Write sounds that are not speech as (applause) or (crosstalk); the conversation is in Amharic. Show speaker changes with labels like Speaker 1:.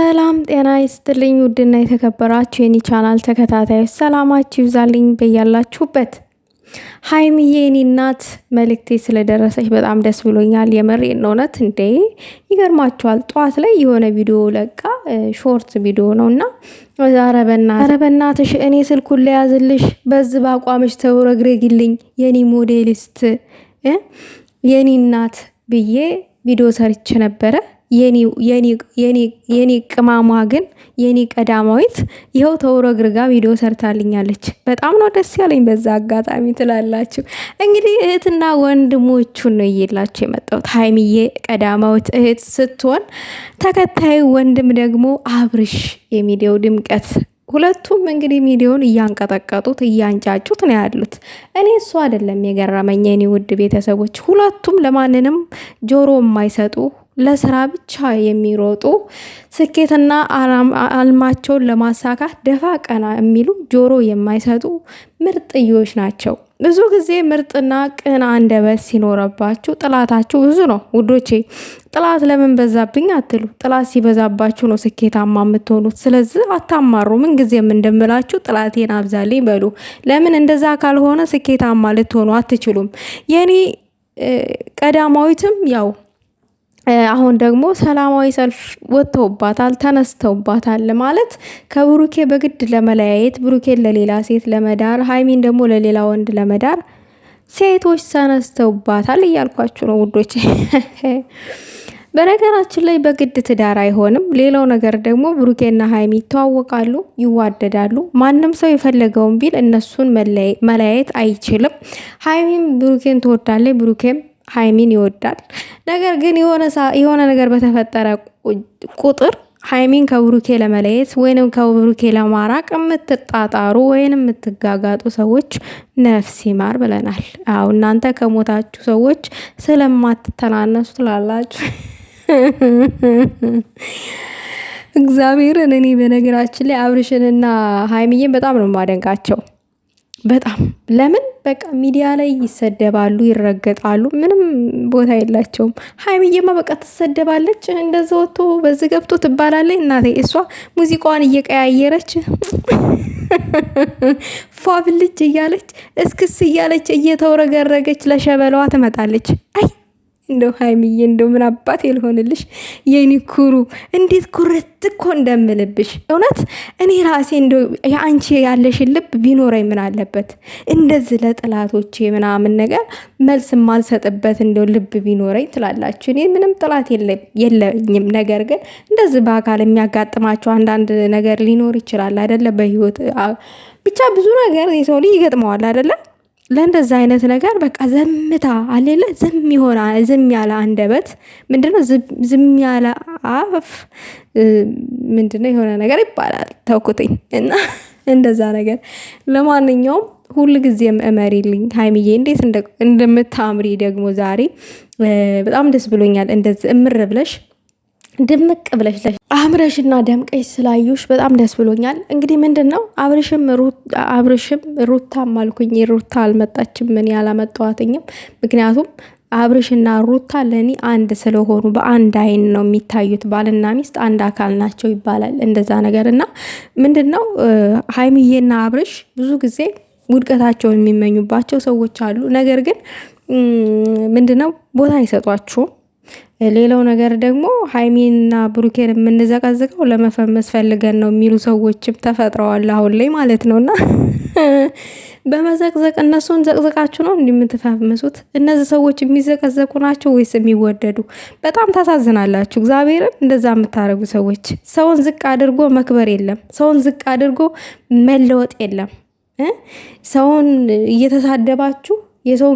Speaker 1: ሰላም ጤና ይስጥልኝ። ውድና የተከበራችሁ የኔ ቻናል ተከታታዮች ሰላማችሁ ይብዛልኝ በያላችሁበት። ሀይሚዬ የኔ እናት መልእክቴ ስለደረሰች በጣም ደስ ብሎኛል። የምሬን እውነት እንዴ! ይገርማችኋል። ጠዋት ላይ የሆነ ቪዲዮ ለቃ ሾርት ቪዲዮ ነው እና ኧረ
Speaker 2: በእናትሽ እኔ ስልኩን ለያዝልሽ፣ በዝ በአቋምሽ ተውረግረግልኝ፣ የኔ ሞዴሊስት፣ የኔ እናት ብዬ ቪዲዮ ሰርች ነበረ የኔ ቅማሟ ግን የኔ ቀዳማዊት ይኸው ግርጋ ቪዲዮ ሰርታልኛለች። በጣም ነው ደስ ያለኝ በዛ አጋጣሚ ትላላችሁ። እንግዲህ እህትና ወንድሞቹን ነው እየላቸው የመጣሁት። ሀይሚዬ ቀዳማዊት እህት ስትሆን፣ ተከታዩ ወንድም ደግሞ አብርሽ የሚዲያው ድምቀት። ሁለቱም እንግዲህ ሚዲዮን እያንቀጠቀጡት እያንጫጩት ነው ያሉት። እኔ እሱ አይደለም የገረመኝ የኔ ውድ ቤተሰቦች፣ ሁለቱም ለማንንም ጆሮ የማይሰጡ ለስራ ብቻ የሚሮጡ ስኬትና አልማቸውን ለማሳካት ደፋ ቀና የሚሉ ጆሮ የማይሰጡ ምርጥዮች ናቸው። ብዙ ጊዜ ምርጥና ቅን አንደበት ሲኖረባችሁ ጥላታችሁ ብዙ ነው ውዶቼ። ጥላት ለምን በዛብኝ አትሉ። ጥላት ሲበዛባችሁ ነው ስኬታማ የምትሆኑት። ስለዚህ አታማሩ። ምን እንደምላችሁ ጥላቴን አብዛልኝ በሉ። ለምን እንደዛ ካልሆነ ስኬታማ ልትሆኑ አትችሉም። የኔ ቀዳማዊትም ያው አሁን ደግሞ ሰላማዊ ሰልፍ ወጥተውባታል፣ ተነስተውባታል። ማለት ከብሩኬ በግድ ለመለያየት ብሩኬን ለሌላ ሴት ለመዳር ሀይሚን ደግሞ ለሌላ ወንድ ለመዳር ሴቶች ተነስተውባታል እያልኳችሁ ነው ውዶች። (laughs) በነገራችን ላይ በግድ ትዳር አይሆንም። ሌላው ነገር ደግሞ ብሩኬና ሀይሚ ይተዋወቃሉ፣ ይዋደዳሉ። ማንም ሰው የፈለገውን ቢል እነሱን መለያየት አይችልም። ሀይሚም ብሩኬን ትወዳለች፣ ብሩኬም ሀይሚን ይወዳል። ነገር ግን የሆነ ነገር በተፈጠረ ቁጥር ሀይሚን ከብሩኬ ለመለየት ወይንም ከብሩኬ ለማራቅ የምትጣጣሩ ወይንም የምትጋጋጡ ሰዎች ነፍስ ይማር ብለናል። አው እናንተ ከሞታችሁ ሰዎች ስለማትተናነሱ ትላላችሁ። (laughs) እግዚአብሔርን እኔ በነገራችን ላይ አብርሽንና ሀይሚዬን በጣም ነው የማደንቃቸው። በጣም ለምን በቃ ሚዲያ ላይ ይሰደባሉ፣ ይረገጣሉ፣ ምንም ቦታ የላቸውም። ሀይምየማ በቃ ትሰደባለች፣ እንደዛ ወጥቶ በዚህ ገብቶ ትባላለች። እናቴ እሷ ሙዚቃዋን እየቀያየረች (laughs) ፏብልጅ እያለች እስክስ እያለች እየተውረገረገች ለሸበለዋ ትመጣለች። አይ እንደው ሀይሚዬ እንደው ምን አባት የልሆንልሽ የኔ ኩሩ፣ እንዴት ኩርት እኮ እንደምልብሽ እውነት እኔ ራሴ እንደ የአንቺ ያለሽን ልብ ቢኖረኝ ምን አለበት እንደዚህ ለጥላቶቼ ምናምን ነገር መልስ የማልሰጥበት እንደው ልብ ቢኖረኝ ትላላችሁ። እኔ ምንም ጥላት የለኝም። ነገር ግን እንደዚህ በአካል የሚያጋጥማቸው አንዳንድ ነገር ሊኖር ይችላል አይደለ? በህይወት ብቻ ብዙ ነገር የሰው ልጅ ይገጥመዋል አይደለም? ለእንደዛ አይነት ነገር በቃ ዘምታ አሌለ ዝም የሆነ ዝም ያለ አንደበት ምንድነው? ዝም ያለ አፍ ምንድነው? የሆነ ነገር ይባላል። ተውኩትኝ እና እንደዛ ነገር። ለማንኛውም ሁል ጊዜም እመሪልኝ ሀይምዬ፣ እንዴት እንደምታምሪ ደግሞ ዛሬ በጣም ደስ ብሎኛል። እንደዚህ እምር ብለሽ ድምቅ ብለሽ አምረሽና ደምቀሽ ስላዩሽ በጣም ደስ ብሎኛል። እንግዲህ ምንድን ነው አብርሽም ሩታም አልኩኝ። ሩታ አልመጣችም፣ ምን ያላመጣዋትኝም። ምክንያቱም አብርሽና ሩታ ለእኔ አንድ ስለሆኑ በአንድ አይን ነው የሚታዩት። ባልና ሚስት አንድ አካል ናቸው ይባላል እንደዛ ነገር እና ምንድን ነው ሀይምዬና አብርሽ ብዙ ጊዜ ውድቀታቸውን የሚመኙባቸው ሰዎች አሉ። ነገር ግን ምንድን ነው ቦታ አይሰጧችሁም ሌላው ነገር ደግሞ ሀይሚንና ብሩኬን የምንዘቀዝቀው ለመፈመስ ፈልገን ነው የሚሉ ሰዎችም ተፈጥረዋል አሁን ላይ ማለት ነው። እና (laughs) በመዘቅዘቅ እነሱን ዘቅዝቃችሁ ነው እንደምትፈምሱት? እነዚህ ሰዎች የሚዘቀዘቁ ናቸው ወይስ የሚወደዱ? በጣም ታሳዝናላችሁ። እግዚአብሔርን እንደዛ የምታደርጉ ሰዎች ሰውን ዝቅ አድርጎ መክበር የለም። ሰውን ዝቅ አድርጎ መለወጥ የለም። ሰውን እየተሳደባችሁ የሰውን